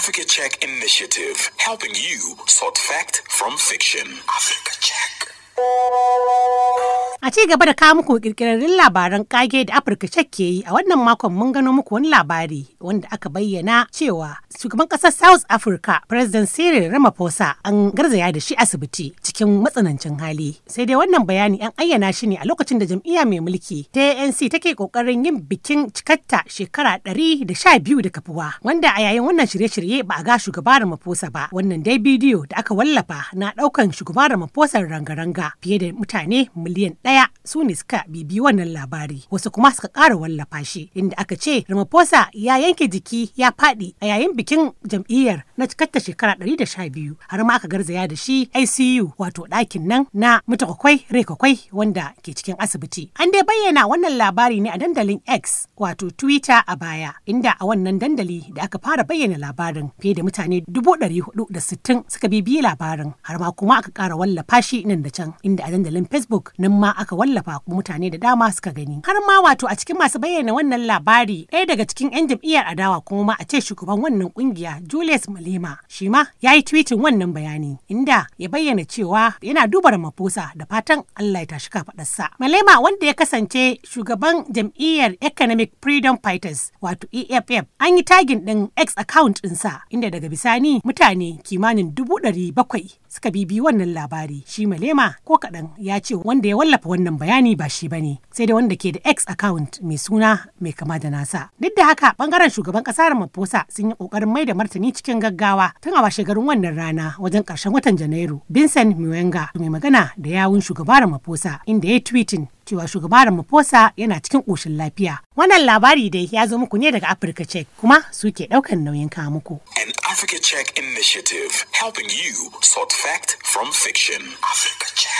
Africa Check Initiative, helping you sort fact from fiction. Africa Check. A ci gaba da kawo muku kirkirarrin labaran kage da Afirka Cek yi a wannan makon mun gano muku wani labari wanda aka bayyana cewa shugaban ƙasar South Africa President Cyril Ramaphosa an garzaya da shi asibiti cikin matsanancin hali. Sai dai wannan bayani an ayyana shi ne a lokacin da jam'iyya mai mulki ta ANC take kokarin yin bikin cikatta shekara ɗari da sha biyu da kafuwa wanda a yayin wannan shirye-shirye ba a ga shugaba Ramaphosa ba wannan dai bidiyo da aka wallafa na ɗaukan shugaba Ramaphosa ranga-ranga fiye da mutane miliyan 1.5. ɗaya su ne suka bibi wannan labari wasu kuma suka ƙara wallafa shi inda aka ce Ramaphosa ya yanke jiki ya faɗi a yayin bikin jam'iyyar na cikarta shekara ɗari da biyu har ma aka garzaya da shi ICU wato ɗakin nan na mutakakwai rai kwakwai wanda ke cikin asibiti. An dai bayyana wannan labari ne a dandalin X wato Twitter a baya inda a wannan dandali da aka fara bayyana labarin fiye da mutane dubu ɗari da sittin suka bibiyi labarin har ma kuma aka ƙara wallafa shi nan da can inda a dandalin Facebook nan ma aka wallafa ku mutane da dama suka gani har ma wato a cikin masu bayyana wannan labari ɗaya daga cikin 'yan jam'iyyar adawa kuma ma a ce shugaban wannan kungiya Julius Malema shi ma ya yi tweetin wannan bayani inda ya bayyana cewa yana duba Ramaphosa da fatan Allah ya tashi kafaɗarsa. Malema wanda ya kasance shugaban jam'iyyar Economic Freedom Fighters wato EFF an yi tagin ɗin X account ɗinsa inda daga bisani mutane kimanin dubu ɗari bakwai suka bibi wannan labari shi Malema ko kaɗan ya ce wanda ya wallafa wannan bayani ba shi bane sai da wanda ke da X account mai suna mai kama da nasa. Duk da haka bangaren shugaban kasa Ramaphosa sun yi kokarin mai da martani cikin gaggawa tun a washe garin wannan rana wajen karshen watan Janairu. Vincent Mwenga mai magana da yawun shugaba Ramaphosa inda ya tweeting cewa shugaba Ramaphosa yana cikin ƙoshin lafiya. Wannan labari dai ya zo muku ne daga Africa Check kuma suke ɗaukan nauyin kawo muku. An Africa Check initiative helping you sort fact from fiction. Africa Check.